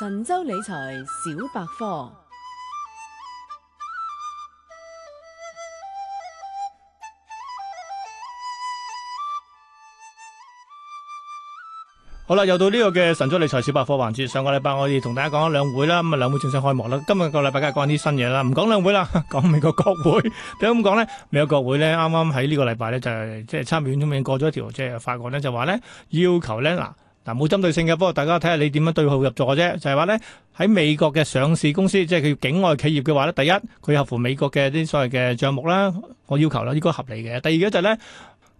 神州理財小百科。好啦，又到呢個嘅神州理財小百科環節。上個禮拜我哋同大家講咗兩會啦，咁啊兩會正式開幕啦。今日個禮拜梗係講啲新嘢啦，唔講兩會啦，講美國國會。點解咁講呢？美國國會咧，啱啱喺呢個禮拜咧就係即係參議院上面過咗一條即係法案咧，就話、是、咧要求咧嗱。嗱冇針對性嘅，不過大家睇下你點樣對號入座啫。就係話咧，喺美國嘅上市公司，即係佢境外企業嘅話咧，第一佢合乎美國嘅啲所謂嘅帳目啦，我要求啦，應該合理嘅。第二嘅就係咧，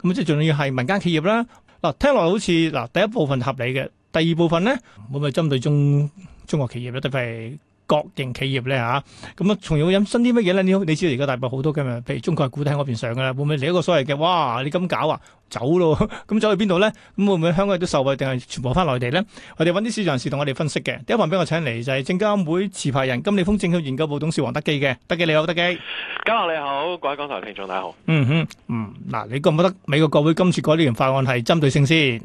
咁即係仲要係民間企業啦。嗱，聽落好似嗱，第一部分合理嘅，第二部分咧，會唔會針對中中國企業咧？特別。國營企業咧嚇，咁啊，仲要飲新啲乜嘢咧？你你知而家大部好多嘅，譬如中國嘅股都喺嗰邊上噶啦，會唔會嚟一個所謂嘅哇？你咁搞啊，走咯。咁走去邊度咧？咁會唔會香港都受惠，定係全部翻內地咧？我哋揾啲市場人士同我哋分析嘅第一份，俾我請嚟就係證監會持牌人金利豐證券研究部董事黃德幾嘅。德幾你好。德幾，嘉樂你好，各位港台嘅聽眾大家好。嗯哼，嗯，嗱，你覺唔覺得美國國會今次改呢條法案係針對性先？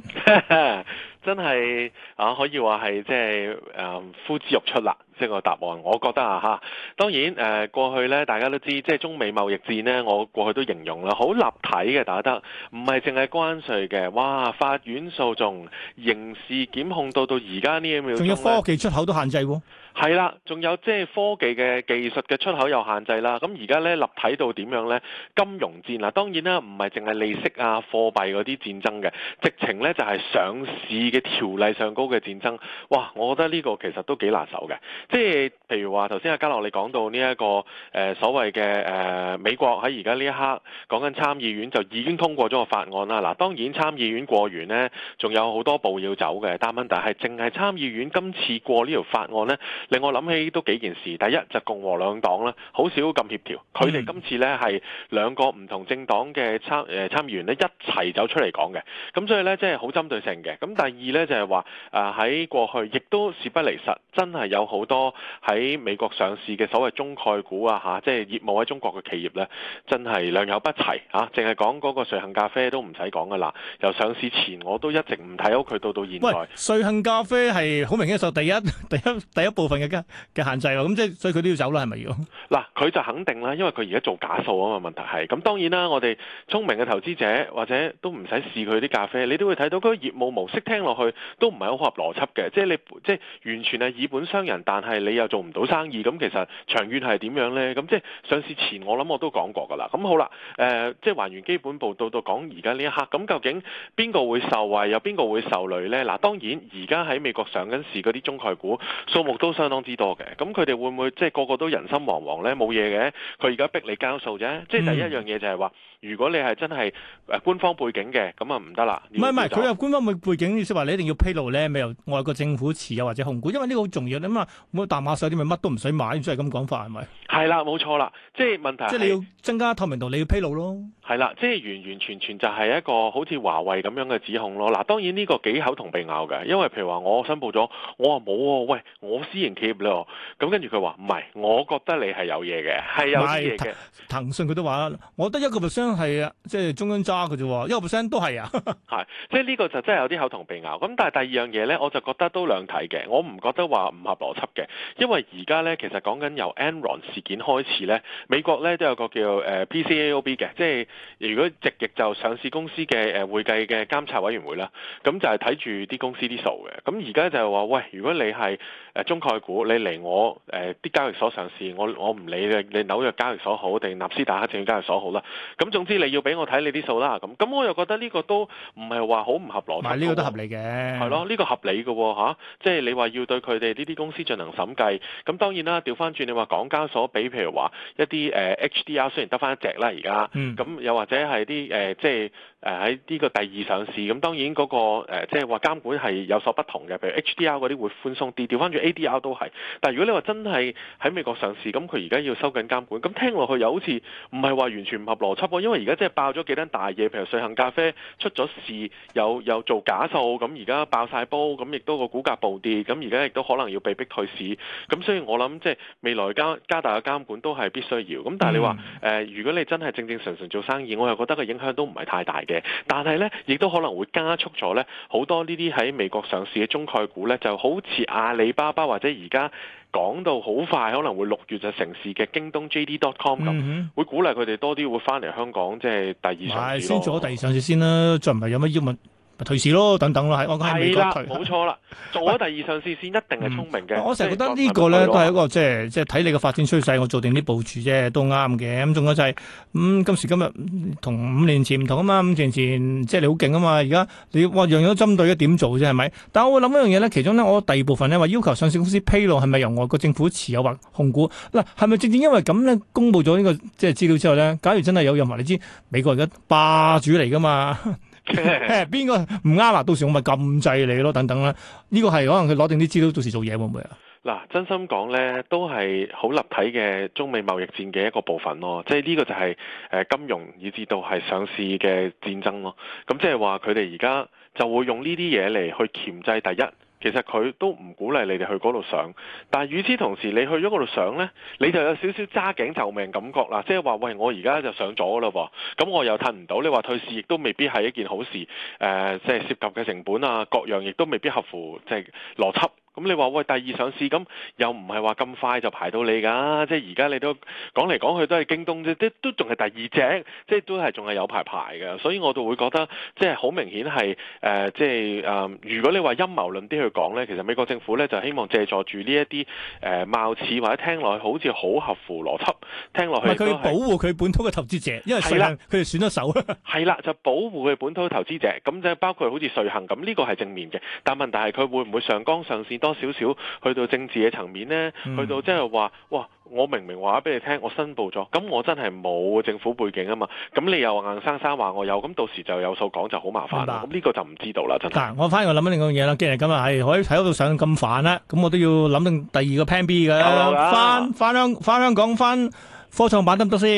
真係啊，可以話係即係誒呼之欲出啦。即個答案，我覺得啊嚇，當然誒、呃、過去咧，大家都知，即係中美貿易戰呢，我過去都形容啦，好立體嘅打得，唔係淨係關稅嘅，哇，法院訴訟、刑事檢控到到而家呢咁樣，仲有科技出口都限制喎，係啦，仲有即科技嘅技術嘅出口又限制啦，咁而家咧立體到點樣咧？金融戰嗱，當然啦，唔係淨係利息啊、貨幣嗰啲戰爭嘅，直情咧就係、是、上市嘅條例上高嘅戰爭，哇，我覺得呢個其實都幾拿手嘅。即係譬如話，頭先阿嘉樂你講到呢一個誒所謂嘅誒美國喺而家呢一刻講緊參議院就已經通過咗個法案啦。嗱，當然參議院過完呢，仲有好多步要走嘅，但係問題係淨係參議院今次過呢條法案呢，令我諗起都幾件事。第一就共和兩黨啦，好少咁協調，佢哋今次呢係兩個唔同政黨嘅參誒參議員一齊走出嚟講嘅，咁所以呢，即係好針對性嘅。咁第二呢，就係話誒喺過去亦都事不離實，真係有好多。喺美國上市嘅所謂中概股啊，嚇、啊，即係業務喺中國嘅企業呢，真係良莠不齊嚇、啊。淨係講嗰個瑞幸咖啡都唔使講噶啦。由上市前我都一直唔睇好佢到到現在。喂，瑞幸咖啡係好明顯受第一、第一、第一、第一部分嘅嘅限制。咁即係所以佢都要走啦，係咪咁？嗱、啊，佢就肯定啦，因為佢而家做假數啊嘛。問題係咁，當然啦，我哋聰明嘅投資者或者都唔使試佢啲咖啡，你都會睇到嗰個業務模式聽落去都唔係好合邏輯嘅。即係你即係完全係以本傷人，但係你又做唔到生意，咁其實長遠係點樣呢？咁即上市前我我，我諗我都講過噶啦。咁好啦，誒，即係還原基本步到到講而家呢一刻，咁究竟邊個會受惠、啊，又邊個會受累呢？嗱，當然而家喺美國上緊市嗰啲中概股數目都相當之多嘅，咁佢哋會唔會即係個個都人心惶惶呢？冇嘢嘅，佢而家逼你交數啫。即第一樣嘢就係話。如果你係真係誒官方背景嘅，咁啊唔得啦。唔係唔係，佢有官方背背景，意思話你一定要披露咧，咪有外國政府持有或者控股，因為呢個好重要你啊嘛。咁冇大馬手啲咪乜都唔使買，即係咁講法係咪？係啦，冇錯啦，即係問題是。即係你要增加透明度，你要披露咯。係啦，即係完完全全就係一個好似華為咁樣嘅指控咯。嗱，當然呢個幾口同被咬嘅，因為譬如話我申報咗，我話冇喎，喂，我私營企業嚟喎。咁跟住佢話唔係，我覺得你係有嘢嘅，係有嘢嘅。騰訊佢都話，我得一個不係啊，即係中央揸嘅啫，一個 percent 都係啊，係，即係呢個就真係有啲口同鼻拗。咁但係第二樣嘢咧，我就覺得都兩睇嘅，我唔覺得話唔合邏輯嘅，因為而家咧其實講緊由 Enron 事件開始咧，美國咧都有個叫誒 PCAOB 嘅，即係如果直譯就上市公司嘅誒會計嘅監察委員會啦，咁就係睇住啲公司啲數嘅。咁而家就係話喂，如果你係誒中概股，你嚟我誒啲、呃、交易所上市，我我唔理你你紐約交易所好定納斯達克證券交易所好啦，咁仲總之你要俾我睇你啲數啦，咁咁我又覺得呢個都唔係話好唔合邏輯。買呢個都合理嘅，係咯，呢個合理嘅喎嚇，即係你話要對佢哋呢啲公司進行審計。咁當然啦，調翻轉你話港交所俾譬如話一啲誒、呃、HDR 雖然得翻一隻啦而家，咁、嗯、又或者係啲誒即係誒喺呢個第二上市，咁當然嗰個即係話監管係有所不同嘅，譬如 HDR 嗰啲會寬鬆啲。調翻轉 ADR 都係，但係如果你話真係喺美國上市，咁佢而家要收緊監管，咁聽落去又好似唔係話完全唔合邏輯，因因為而家即係爆咗幾單大嘢，譬如瑞幸咖啡出咗事，又又做假數，咁而家爆晒煲，咁亦都個股價暴跌，咁而家亦都可能要被逼退市，咁所以我諗即係未來加加大嘅監管都係必須要，咁但係你話誒、呃，如果你真係正正常常做生意，我又覺得個影響都唔係太大嘅，但係呢，亦都可能會加速咗呢好多呢啲喺美國上市嘅中概股呢，就好似阿里巴巴或者而家。講到好快，可能會六月就成事嘅，京東 JD.com、嗯、哼會鼓勵佢哋多啲會翻嚟香港，即、就、係、是、第二上市先，做第二上市先啦，再唔係有乜要問。退市咯，等等咯，係我喺美國退，冇錯啦。做咗第二上市先，一定係聰明嘅。我成日覺得個呢個咧、嗯、都係一個即係即係睇你嘅發展趨勢，我做定啲部署啫，都啱嘅。咁仲有就係、是、咁、嗯、今時今日同五年前唔同啊嘛。五年前即係你好勁啊嘛，而家你哇樣樣都針對嘅點做啫，係咪？但我會諗一樣嘢咧，其中咧我第二部分咧話要求上市公司披露係咪由外國政府持有或控股，嗱，係咪正正因為咁咧，公布咗呢個即係資料之後咧，假如真係有任何你知美國而家霸主嚟噶嘛？邊個唔啱啦？到時我咪禁制你咯，等等啦。呢個係可能佢攞定啲資料，到時做嘢會唔會啊？嗱，真心講咧，都係好立體嘅中美貿易戰嘅一個部分咯。即係呢個就係誒金融以至到係上市嘅戰爭咯。咁即係話佢哋而家就會用呢啲嘢嚟去鉗制第一。其實佢都唔鼓勵你哋去嗰度上，但係與此同時，你去咗嗰度上呢，你就有少少揸頸就命感覺啦，即係話：「喂，我而家就上咗喇喎。」咁我又褪唔到。你話退市亦都未必係一件好事，誒，即係涉及嘅成本啊，各樣亦都未必合乎即係邏輯。咁你話，喂，第二上市咁又唔係話咁快就排到你㗎，即係而家你都講嚟講去都係京東啫，都都仲係第二隻，即係都係仲係有排排嘅。所以我就會覺得即係好明顯係誒、呃，即係誒、呃，如果你話陰謀論啲去講呢，其實美國政府呢就希望借助住呢一啲誒，貌似或者聽落去好似好合乎邏輯，聽落去，係佢保護佢本土嘅投資者，因為係啦，佢哋選咗手，係啦的， 就保護佢本土投資者，咁就包括好似瑞幸咁，呢、呢個係正面嘅。但問題係佢會唔會上綱上線？多少少去到政治嘅層面咧，嗯、去到即係話，哇！我明明話俾你聽，我申報咗，咁我真係冇政府背景啊嘛。咁你又硬生生話我有，咁到時就有數講就好麻煩啦。咁呢吧個就唔知道啦，真係。嗱，我反而我諗緊另一樣嘢啦，既然今日，係、可以睇到上咁煩咧，咁我都要諗定第二個 plan B 嘅。翻翻香翻香港翻科創板得唔得先？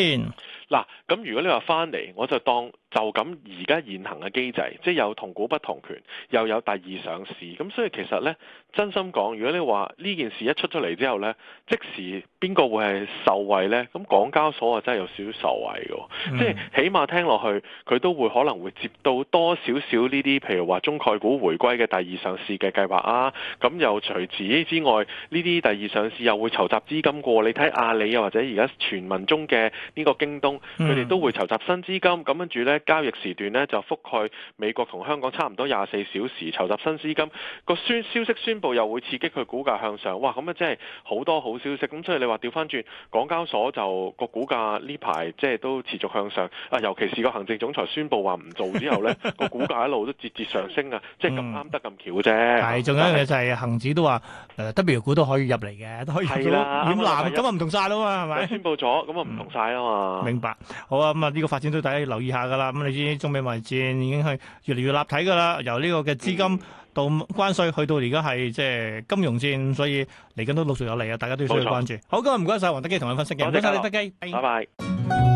嗱，咁如果你話翻嚟，我就當。就咁而家現行嘅機制，即係有同股不同權，又有第二上市，咁所以其實呢，真心講，如果你話呢件事一出咗嚟之後呢，即時邊個會係受惠呢？咁港交所啊，真係有少少受惠嘅、哦，mm. 即係起碼聽落去佢都會可能會接到多少少呢啲，譬如話中概股回歸嘅第二上市嘅計劃啊，咁又除此之外，呢啲第二上市又會籌集資金過。你睇阿里啊，或者而家傳聞中嘅呢個京東，佢哋、mm. 都會籌集新資金，咁跟住呢。交易時段呢，就覆蓋美國同香港差唔多廿四小時，籌集新資金。個宣消息宣佈又會刺激佢股價向上，哇！咁啊真係好多好消息。咁所以你話調翻轉，港交所就個股價呢排即係都持續向上。啊，尤其是個行政總裁宣佈話唔做之後呢，個股價一路都節節上升啊！即係咁啱得咁巧啫。係、嗯，仲有一樣嘢就係恒指都話、呃、W 股都可以入嚟嘅，都可以入嚟？咁啊唔同晒啦嘛，係咪？宣佈咗，咁啊唔同晒啦嘛。嗯、明白。好啊，咁啊呢個發展都大家留意下噶啦。咁你知道中美貿易戰已經係越嚟越立體噶啦，由呢個嘅資金到關稅，去到而家係即係金融戰，所以嚟緊都陸續有嚟啊！大家都需要關注。冇錯。好，今日唔該晒黃德幾同我分析嘅。唔該曬你，德幾，拜拜。拜拜